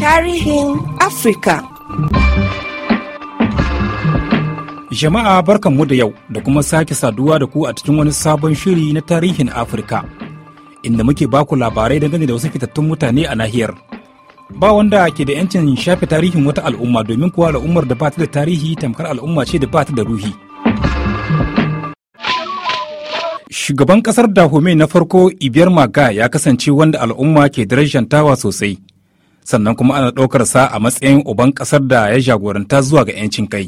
Tarihin Afirka Jama'a barkanmu da yau da kuma sake saduwa da ku a cikin wani sabon shiri na tarihin Afirka, inda muke baku labarai dangane da wasu fitattun mutane a nahiyar. Ba wanda ke da 'yancin shafe tarihin wata al'umma domin kuwa al'ummar da ba ta da tarihi tamkar al'umma ce da ba ta da ruhi. Shugaban kasar Dahomey na farko Ibiyar Maga ya kasance wanda al'umma ke darajantawa sosai, sannan kuma ana ɗaukar sa a matsayin uban kasar da ya jagoranta zuwa ga 'yancin kai.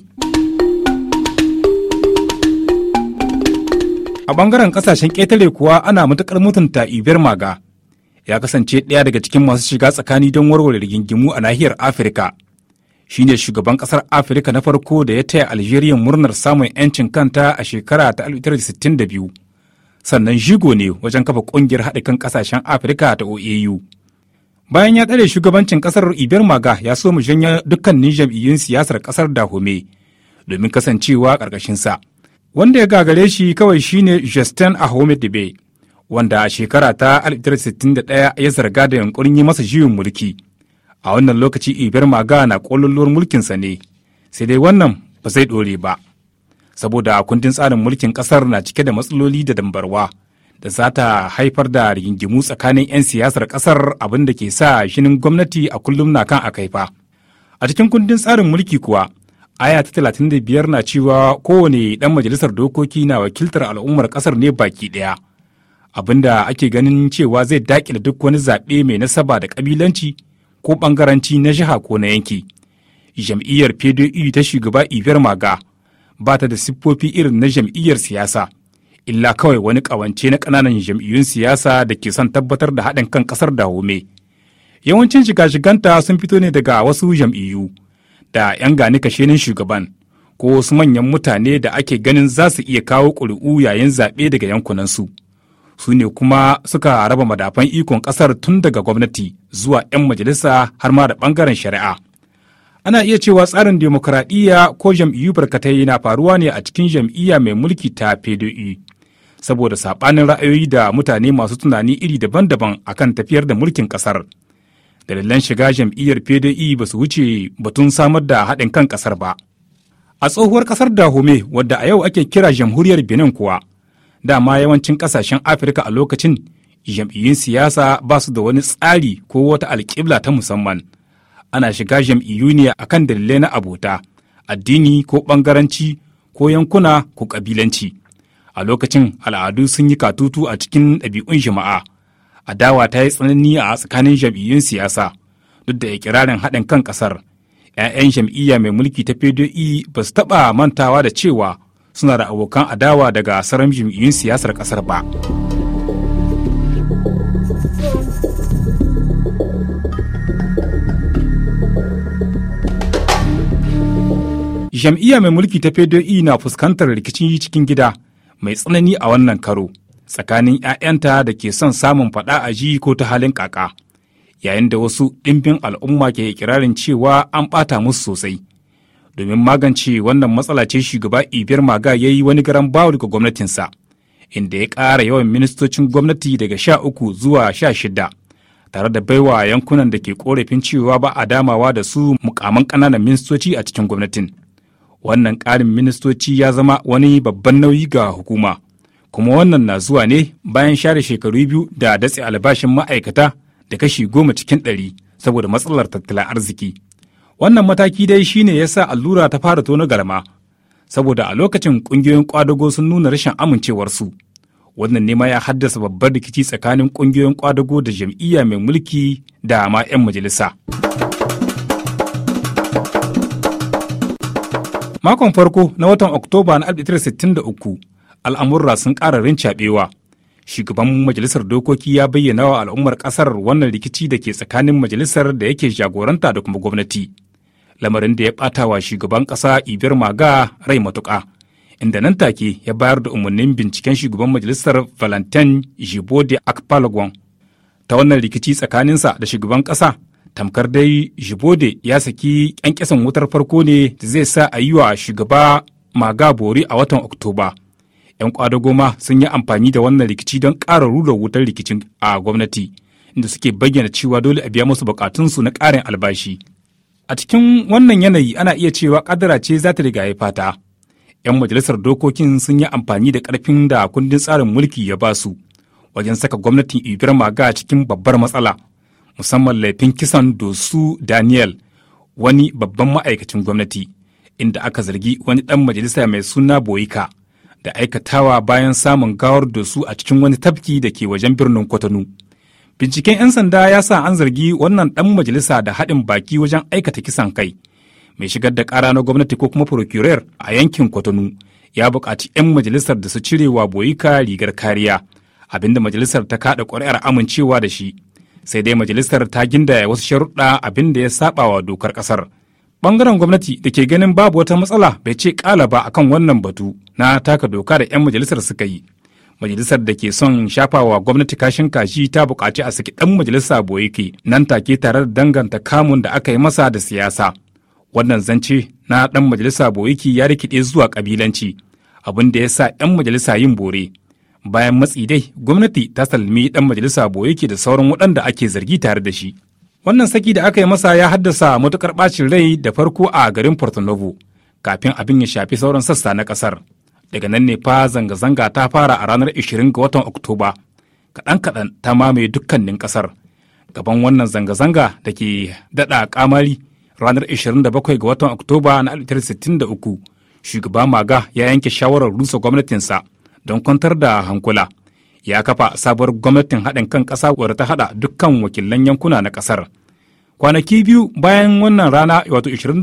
A bangaren kasashen ƙetare kuwa ana matuƙar mutunta Ibiyar Maga. Ya kasance ɗaya daga cikin masu shiga tsakani don warware rigingimu a nahiyar Afirka. shine shugaban kasar afirka na farko da ya taya algeria murnar samun 'yancin kanta a shekara ta 1962 sannan shigo ne wajen kafa kungiyar haɗa kan ƙasashen afirka ta oau bayan ya tsare shugabancin ƙasar ibiyar maga ya so mu janya dukkanin jam'iyyun siyasar ƙasar dahome domin kasancewa ƙarkashinsa. wanda ya gagare shi kawai shine justin ahmed dube wanda a shekara ta 1961 ya zarga da yankurin yi masa juyin mulki a wannan lokaci ibiyar maga na ƙololuwar mulkinsa ne sai dai wannan ba zai ɗore ba. saboda kundin tsarin mulkin kasar na cike da matsaloli da dambarwa da za ta haifar da rigingimu tsakanin 'yan siyasar kasar abin da ke sa shinin gwamnati a kullum na kan akaifa a cikin kundin tsarin mulki kuwa aya ta talatin da biyar na cewa kowane dan majalisar dokoki na wakiltar al'ummar kasar ne baki daya abin da ake ganin cewa zai dakile duk wani zaɓe mai nasaba da ƙabilanci ko ɓangaranci na jiha ko na yanki jam'iyyar pde ta shugaba ibiyar maga ba ta da siffofi irin na jam'iyyar siyasa illa kawai wani ƙawance na ƙananan jam'iyyun siyasa da ke son tabbatar da haɗin kan ƙasar da home yawancin shiga-shiganta sun fito ne daga wasu jam'iyyu da 'yan gani kashenin shugaban ko wasu manyan mutane da ake ganin za su iya kawo ƙuri'u yayin zaɓe daga yankunansu su ne kuma suka raba madafan ikon ƙasar tun daga gwamnati zuwa 'yan majalisa har ma da ɓangaren shari'a. ana iya cewa tsarin demokuraɗiyya ko jam'iyyu barkatai na faruwa ne a cikin jam'iyya mai mulki ta pdp e. saboda saɓanin ra'ayoyi da mutane masu tunani iri daban-daban akan tafiyar da mulkin ƙasar dalilan shiga jam'iyyar pdi e ba su wuce batun samar da haɗin kan ƙasar ba a tsohuwar ƙasar dahome wadda a yau ake kira jamhuriyar benin kuwa dama yawancin ƙasashen afirka a lokacin jam'iyyun siyasa ba su da wani tsari ko wata alƙibla ta musamman ana shiga jam'iyyu ne a kan dalilai na abota addini ko ɓangaranci ko yankuna ko ƙabilanci a lokacin al'adu sun yi katutu a cikin ɗabi'un jama'a adawa ta yi tsanani a tsakanin jam'iyyun siyasa duk da ikirarin haɗin kan ƙasar 'ya'yan jam'iyya mai mulki ta fedoi ba su taɓa mantawa da cewa suna da abokan adawa daga sauran jam'iyyun siyasar ƙasar ba. jam'iyya mai mulki ta pdoi e na fuskantar rikicin yi cikin gida mai tsanani a wannan karo tsakanin 'ya'yanta da ke son samun fada a ji ko ta halin kaka yayin da wasu ɗimbin al'umma ke kirarin cewa an ɓata musu sosai domin magance wannan matsala ce shugaba ibiyar maga ya yi wani garan bawo daga gwamnatinsa inda ya ƙara yawan ministocin gwamnati daga sha uku zuwa sha shida tare da baiwa yankunan da ke korafin cewa ba a damawa da su mukaman ƙananan ministoci a cikin gwamnatin wannan ƙarin ministoci ya zama wani babban nauyi ga hukuma kuma wannan na zuwa ne bayan share shekaru biyu da datse albashin ma'aikata da kashi goma cikin ɗari saboda matsalar tattalin arziki wannan mataki dai shi ne ya sa allura ta fara tona garma saboda a lokacin ƙungiyoyin ƙwadago sun nuna rashin amincewarsu wannan nema ya haddasa babbar rikici tsakanin ƙungiyoyin ƙwadago da jam'iyya mai mulki da ma 'yan majalisa. Makon farko na watan Oktoba na 1963 al'amurra sun ƙara rincaɓewa. Shugaban Majalisar Dokoki ya bayyana wa al'ummar ƙasar wannan rikici da ke tsakanin majalisar da yake jagoranta da kuma gwamnati. Lamarin da ya ɓata wa shugaban ƙasa Ibir Maga rai matuƙa. Inda nan take ya bayar da umarnin binciken shugaban majalisar Valentin Jibode Akpalagon ta wannan rikici tsakaninsa da shugaban ƙasa tamkar dai jibode ya saki ƙyanƙyasan wutar farko ne da zai sa a yi wa shugaba maga bori a watan oktoba 'yan kwadagoma sun yi amfani da wannan rikici don ƙara rura wutar rikicin a gwamnati inda suke bayyana cewa dole a biya musu bukatunsu na ƙarin albashi a cikin wannan yanayi ana iya cewa kadara ce za ta riga ya fata 'yan majalisar dokokin sun yi amfani da ƙarfin da kundin tsarin mulki ya ba su wajen saka gwamnatin ibirma ga cikin babbar matsala musamman laifin kisan dosu daniel wani babban ma'aikacin gwamnati inda aka zargi wani ɗan majalisa mai suna boyika da aikatawa bayan samun gawar dosu a cikin wani tafki da ke wajen birnin kwatano binciken 'yan sanda ya sa an zargi wannan ɗan majalisa da haɗin baki wajen aikata kisan kai mai shigar da ƙara na gwamnati ko kuma procurer a yankin kwatano ya buƙaci 'yan majalisar da su cire wa boyika rigar kariya abinda majalisar ta kaɗa ƙuri'ar amincewa da shi sai dai majalisar ta gindaya wasu sharuɗa abin da ya saba wa dokar ƙasar ɓangaren gwamnati da ke ganin babu wata matsala bai ce ƙala ba akan wannan batu na taka doka da 'yan majalisar suka yi majalisar da ke son shafawa gwamnati kashin kashi ta buƙaci a saki ɗan majalisa boyeke nan take tare da danganta kamun da aka yi masa da siyasa wannan zance na ɗan majalisa boyeke ya rikide zuwa ƙabilanci abin da ya sa 'yan majalisa yin bore bayan matsi dai gwamnati ta salmi dan majalisa ke da sauran waɗanda ake zargi tare da shi wannan saki da aka yi masa ya haddasa matukar bacin rai da farko a garin porto novo kafin abin ya shafi sauran sassa na kasar. daga nan ne fa zanga-zanga ta fara a ranar 20 ga watan oktoba kaɗan-kaɗan ta mamaye dukkanin kasar gaban wannan zanga-zanga da ke daɗa kamari ranar 27 ga watan oktoba na 1963 shugaba maga ya yanke shawarar rusa gwamnatinsa don kwantar da hankula ya kafa sabuwar gwamnatin haɗin kan ƙasa wadda ta haɗa dukkan wakilan yankuna na ƙasar kwanaki biyu bayan wannan rana wato 29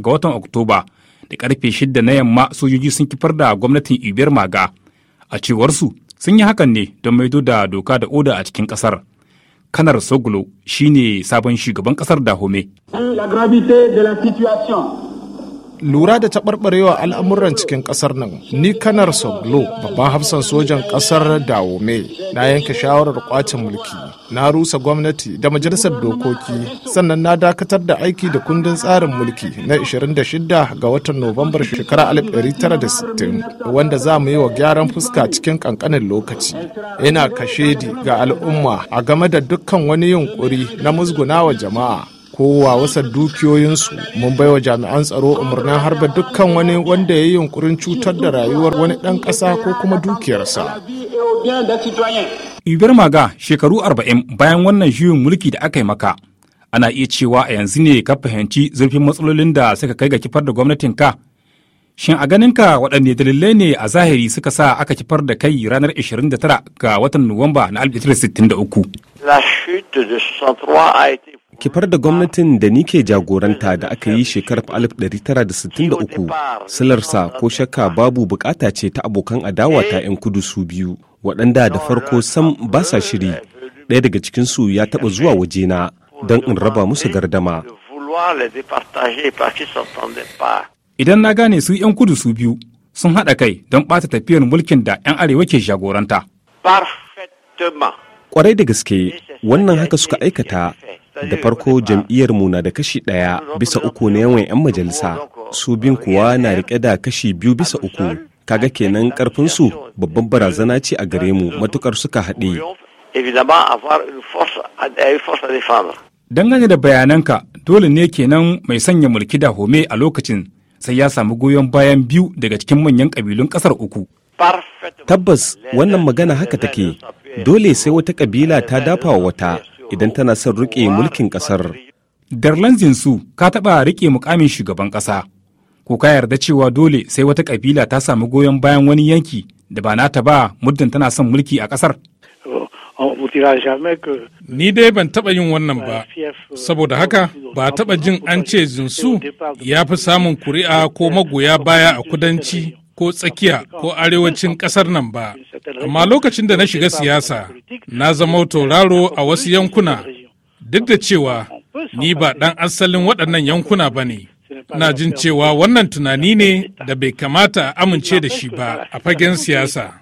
ga watan oktoba da karfe 6 na yamma sojoji sun kifar da gwamnatin ibiyar maga a cewarsu sun yi hakan ne don maido da doka da oda a cikin ƙasar kanar sogulo shine sabon shugaban ƙasar dahome la lura da taɓarɓarewa al'amuran cikin ƙasar nan ni kanar soglo babban hafsan sojan ƙasar dawome na yanke shawarar ƙwacin mulki na rusa gwamnati da majalisar dokoki sannan na dakatar da aiki da kundin tsarin mulki na 26 ga watan nuwambar shekara 1960 wanda za mu yi wa gyaran fuska cikin kankanin lokaci ina kashedi ga al'umma a game da dukkan wani yunkuri na musgunawa jama'a kowa wasa dukiyoyinsu mun bai wa jami'an tsaro umarnin harba dukkan wani wanda ya yi yunkurin cutar da rayuwar wani ɗan ƙasa ko kuma dukiyarsa. Ibar Maga shekaru arba'in bayan wannan juyin mulki da aka yi maka ana iya cewa a yanzu ne ka fahimci zurfin matsalolin da suka kai ga kifar da gwamnatin ka Shin a ganinka waɗanne dalilai ne a zahiri suka sa aka kifar da kai ranar 29 ga watan Nuwamba na 1963? kifar da gwamnatin da ni ke jagoranta da aka yi shekarar 1963 silarsa ko shakka babu bukata ce ta abokan adawa ta 'yan kudu su biyu waɗanda da farko sam ba sa shiri ɗaya daga cikinsu ya taɓa zuwa wajena don in raba musu gardama idan na gane su 'yan kudu su biyu sun haɗa kai don ɓata tafiyar mulkin da 'yan arewa ke jagoranta. Kwarai da gaske wannan haka suka aikata da farko jam'iyyar mu na da kashi ɗaya bisa uku na yawan 'yan majalisa su bin kuwa na riƙe da kashi biyu bisa uku kaga kenan ƙarfinsu babban barazana ce a gare mu matukar suka haɗe. Dangane da bayananka dole ne kenan mai sanya mulki da home a lokacin sai ya samu goyon bayan biyu daga cikin manyan ƙabilun ƙasar uku. Tabbas wannan magana haka take, dole sai wata ƙabila ta dafa wa wata idan tana son riƙe mulkin ƙasar. Darlan Zinsu ka taɓa riƙe mukamin shugaban ƙasa, ko ka yarda cewa dole sai wata ƙabila ta samu goyon bayan wani yanki da ba nata ba muddin tana son mulki a ƙasar. Oh, Ni dai ban taɓa yin wannan ba, euh, saboda haka ba taɓa jin an ce Zinsu ya fi samun kuri'a ko magoya baya a kudanci ko tsakiya ko arewacin ƙasar nan ba. Amma lokacin da na shiga siyasa, na zama tauraro a wasu yankuna, duk da cewa ni ba ɗan asalin waɗannan yankuna ba ne. na jin cewa wannan tunani ne da bai kamata a amince da shi ba a fagen siyasa.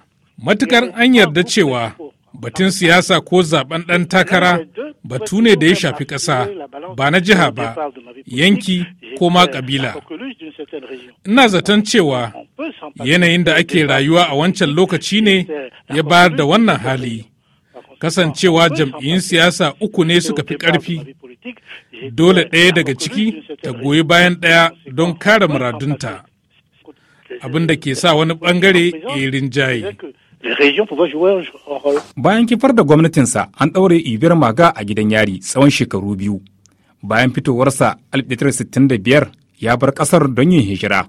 Matukar an yarda cewa Batun siyasa ko zaben ɗan takara batu ne da ya shafi ƙasa ba na jiha ba, yanki ko ma ƙabila. Ina zaton cewa yanayin da ake rayuwa a wancan lokaci ne ya bayar da wannan hali. Kasancewa jam'iyyun siyasa uku ne suka fi ƙarfi, dole ɗaya daga ciki ta goyi bayan ɗaya don kare muradunta, abin da ke sa wani ɓangare ya yi rinjaye. Bayan kifar da gwamnatinsa an ɗaure Ibir Maga a gidan yari tsawon shekaru biyu. Bayan fitowarsa 1965 ya bar ƙasar don yin hijira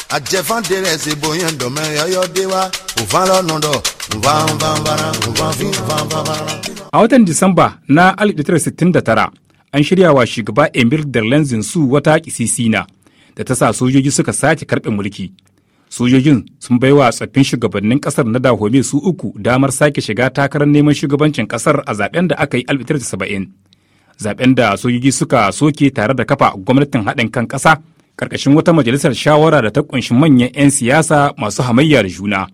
ajẹfandere ẹsẹ bonya wa a watan disamba na 1969 an shirya wa shugaba emir darlenzin su wata kisisina da ta sa sojoji suka sake karɓe mulki sojojin sun bai wa tsaffin shugabannin kasar na dahome su uku damar sake shiga takarar neman shugabancin kasar a zaben da aka yi 1970 zaben da sojoji suka soke tare da kafa gwamnatin haɗin kan ƙasa karkashin wata majalisar shawara da ta kunshi manyan 'yan siyasa masu hamayya da juna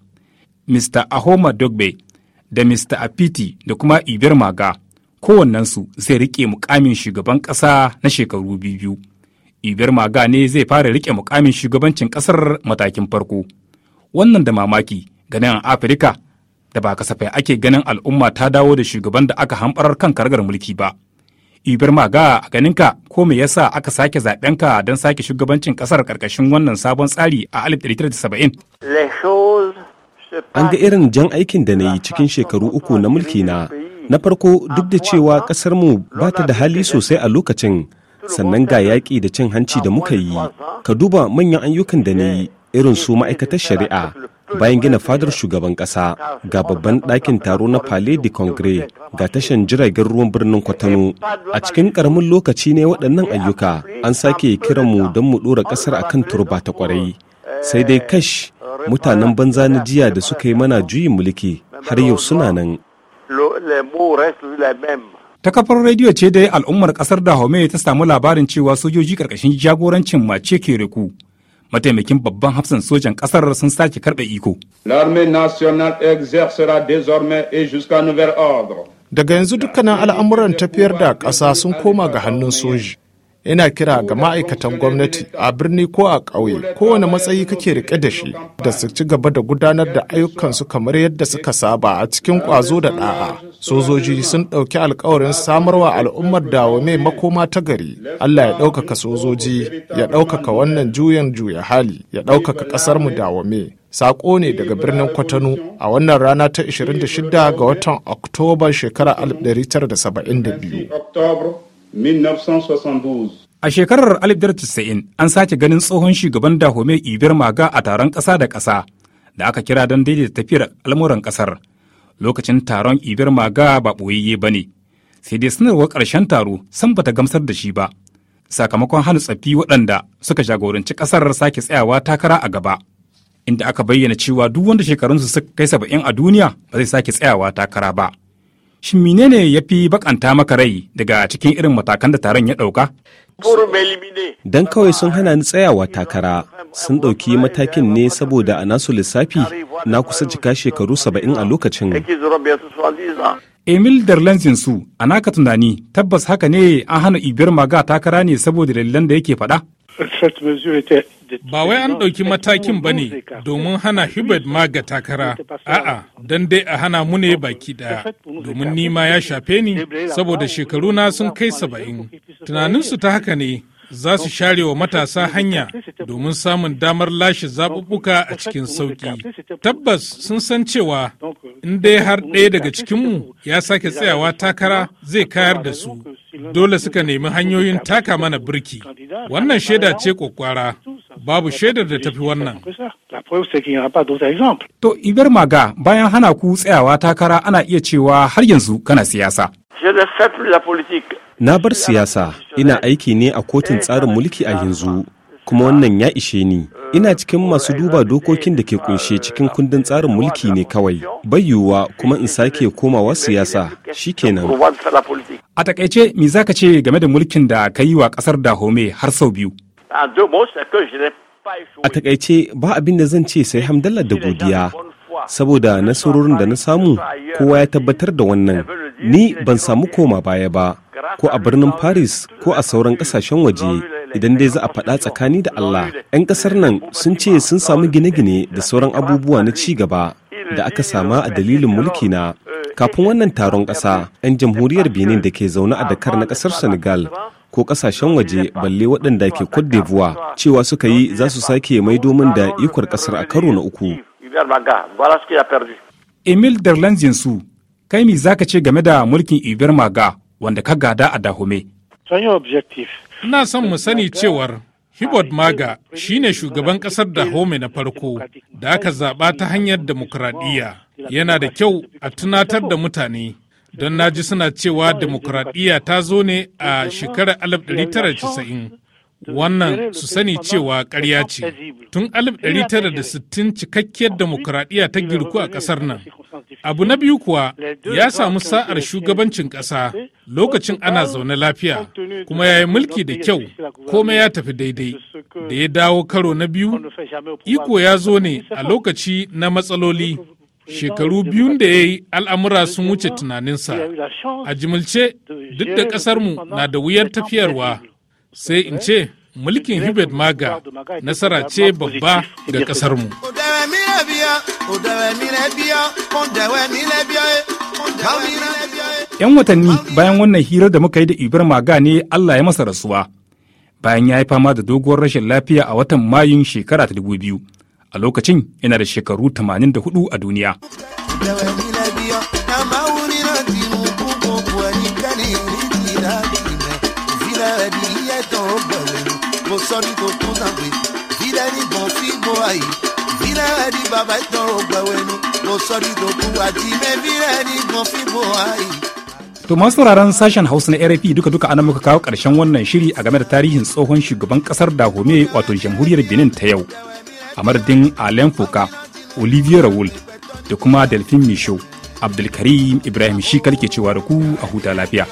mr ahoma dogbe da mr apiti da kuma ibir maga kowannensu zai rike mukamin shugaban kasa na shekaru biyu ibir maga ne zai fara rike mukamin shugabancin kasar matakin farko wannan da mamaki ganin afirka da ba kasafai ake ganin al'umma ta dawo da shugaban da aka hamɓarar kan kargar mulki ba Ibir Maga a ganinka ko me yasa aka sake zaben ka don sake shugabancin kasar karkashin wannan sabon tsari a 1970? An ga irin jan aikin da na yi cikin shekaru uku na mulki na. Na farko duk da cewa ƙasarmu ba ta da hali sosai a lokacin, sannan ga yaƙi da cin hanci da muka yi, ka duba manyan ayyukan da na yi irin su ma'aikatar shari'a bayan gina fadar shugaban kasa ga babban ɗakin taro na palais de congrès ga tashan jiragen ruwan birnin kwatano a cikin ƙaramin lokaci ne waɗannan ayyuka an sake kiran mu don mu ɗora ƙasar akan turba ta kwarai sai dai kash mutanen banza na jiya da suka yi mana juyin mulki har yau suna nan ta kafar rediyo ce dai al'ummar kasar dahomey ta samu labarin cewa sojoji karkashin jagorancin mace ke reku mataimakin babban hafsan sojan kasar sun sake karɓe iko. L'armée nationale exercera désormais et jusqu'à nouvel ordre. Daga yanzu dukkanin al'amuran tafiyar da ƙasa sun koma ga hannun soji. ina kira ga ma'aikatan gwamnati a birni ko a ƙauye kowane matsayi kake rike da shi da su ci gaba da gudanar da ayyukansu kamar yadda suka saba a cikin ƙwazo da ɗa'a sojoji sun ɗauki alkawarin samarwa al'ummar dawame makoma ta gari allah ya ɗaukaka sojoji ya ɗaukaka wannan juyan juya hali ya ɗaukaka ƙasar mu dawame sako ne daga birnin kwatano a wannan rana ta 26 ga watan oktoba shekarar 1972 1972 A shekarar 1990 an sake ganin tsohon shugaban Dahome Ibir Maga a taron ƙasa da ƙasa da aka kira don daidaita tafiyar al'amuran ƙasar. Lokacin taron Ibir Maga ba ɓoyayye ba ne, sai dai sanarwar ƙarshen taro san bata gamsar da shi ba. Sakamakon hana tsaffi waɗanda suka jagoranci ƙasar sake tsayawa takara a gaba. Inda aka bayyana cewa duk wanda shekarunsu suka kai saba'in a duniya ba zai sake tsayawa takara ba. Shin menene ya fi bakanta maka rai daga cikin irin matakan da taron ya ɗauka? dan kawai sun hana ni tsayawa takara, sun ɗauki matakin ne saboda a nasu lissafi na kusa cika shekaru saba'in a lokacin. Emil Darlanzin su, a naka tunani, tabbas haka ne an hana ibiyar maga takara ne saboda dalilan da yake faɗa? Ba wai an ɗauki matakin ba ne domin hana Hubert Maga takara, a'a, don dai a hana mu ne baki ɗaya, domin nima ya shafe ni saboda shekaru na sun kai saba'in. Tunaninsu ta haka ne, za su share wa matasa hanya domin samun damar lashe zaɓuɓɓuka a cikin sauƙi. Tabbas sun san cewa in dai har ɗaya daga cikinmu ya sake tsayawa takara zai kayar da su. Dole suka nemi hanyoyin taka mana birki. Wannan shaida ce kwakwara. Babu shaidar da tafi wannan. To, Iber Maga bayan hana ku tsayawa takara ana iya cewa har yanzu kana siyasa. Na bar siyasa, ina aiki ne a kotun eh, tsarin mulki a yanzu, kuma wannan ya ishe ni. Ina cikin masu duba dokokin da ke kunshe cikin kundin tsarin mulki ne kawai. Bai yiwuwa kuma in sake komawa siyasa, shi kenan. A takaice, me za ka ce game da mulkin da ka yi wa ƙasar Dahome har sau biyu? Ah, a takaice, ba abin da zan ce sai Hamdallar da godiya, saboda nasarorin da na samu, kowa ya tabbatar da wannan. ni ban samu koma baya ba ko a birnin paris ko a sauran kasashen waje idan dai za a faɗa tsakani da allah 'yan ƙasar nan sun ce sun samu gine-gine da sauran abubuwa na ci gaba da aka sama a dalilin mulki na kafin wannan taron ƙasa 'yan jamhuriyar benin da ke zaune a dakar na ƙasar senegal ko kasashen waje balle waɗanda ke Cote d'Ivoire cewa suka yi za su sake mai domin da ikon ƙasar a karo na uku. Emil Darlanzin su kai mi zaka ce game da mulkin ibir maga wanda ka gada a dahume ina son mu sani cewar hibod maga shi ne shugaban kasar dahome na farko da aka zaɓa ta hanyar demokuraɗiyya yana da kyau a tunatar da mutane don na ji suna cewa demokuraɗiyya ta zo ne a shekarar 1990 Wannan su sani cewa ƙarya ce. Tun 1960 cikakkiyar demokuraɗiyya ta girku a ƙasar nan. Abu na biyu kuwa ya samu sa'ar shugabancin ƙasa eh, lokacin ana zaune lafiya kuma ya yi mulki da kyau komai ya tafi daidai. Da ya dawo karo na biyu, iko ya zo ne a lokaci na matsaloli shekaru biyun da ya yi al'amura sun wuce tunaninsa a jimilce duk da ƙasarmu na da wuyar tafiyarwa sai in ce mulkin hubert maga nasara ce babba ga ƙasarmu yan watanni bayan wannan hirar da muka yi da ibar maga ne allah ya masa rasuwa bayan ya yi fama da doguwar rashin lafiya a watan mayun shekara ta dubu a lokacin yana da shekaru 84 a duniya sọrí kò To masu sauraron sashen Hausa na RFI duka duka ana muka kawo ƙarshen wannan shiri a game da tarihin tsohon shugaban ƙasar Dahome wato jamhuriyar Benin ta yau. A madadin Alain Fuka, Olivier Raoul da kuma Delphine Michaud, Abdulkarim Ibrahim shikal ke cewa da ku a huta lafiya.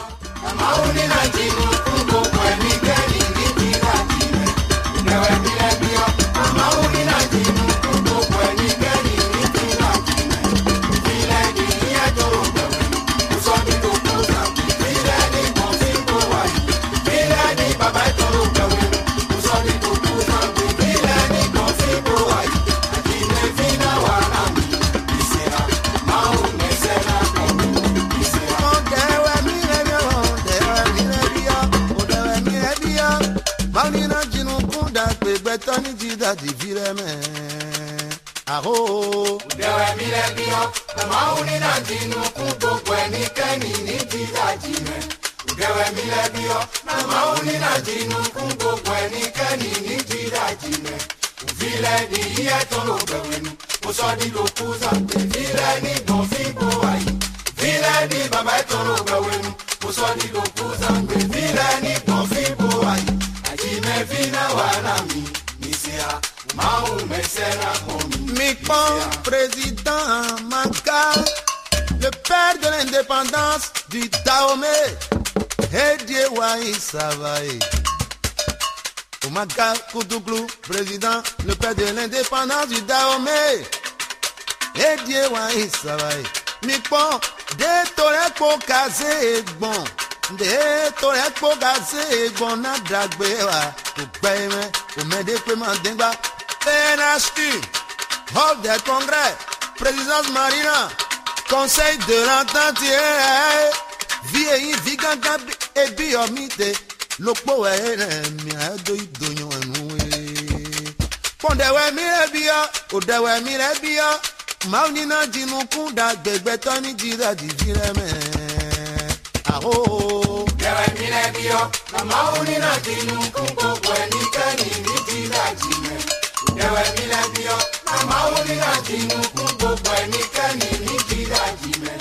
Bon président Maca le père de l'indépendance du Dahomey, Hedie Wai Savaï. Eh. Omaka Koutouklou, président, le père de l'indépendance du Dahomey, Edie Wai Savaï. Des eh. de pour casser bon. de pour casser bon, na dragbewa. Koukbaïme, omede kweman dengba. Pénashtu. Hall des congrès, présidence Marina, conseil de l'entente. Vieilli, viganta, et biomite, l'okpo mi aedo idonyo enwe. Pondewe mi lebia, odewe mi lebia, maunina jinukunda, begbetoni jira di jireme. Aho. Dewe mi lebia, maunina jinukunda, begbetoni jira di jireme ẹ̀wẹ̀ bílẹ̀ bí ọ màmá ó ní láti inú kún gbogbo ẹnikẹ́ni ní kíra jìmẹ̀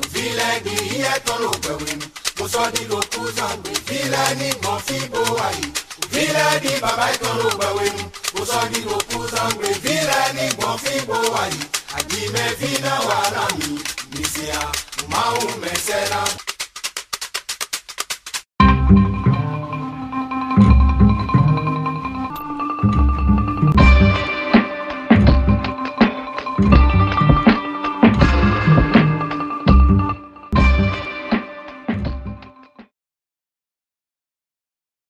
òfìlẹ̀ bí iye tó lò gbẹ̀wé mi mo sọ ní lo kú sàgbé fílẹ̀ ní gbọ̀n fíbo àyè òfìlẹ̀ bí bàbá tó lò gbẹ̀wé mi mo sọ ní lo kú sàgbé fílẹ̀ ní gbọ̀n fíbo àyè àjìmẹ̀ fínà wàrà mi nìṣẹ́ à màá ó mẹ́.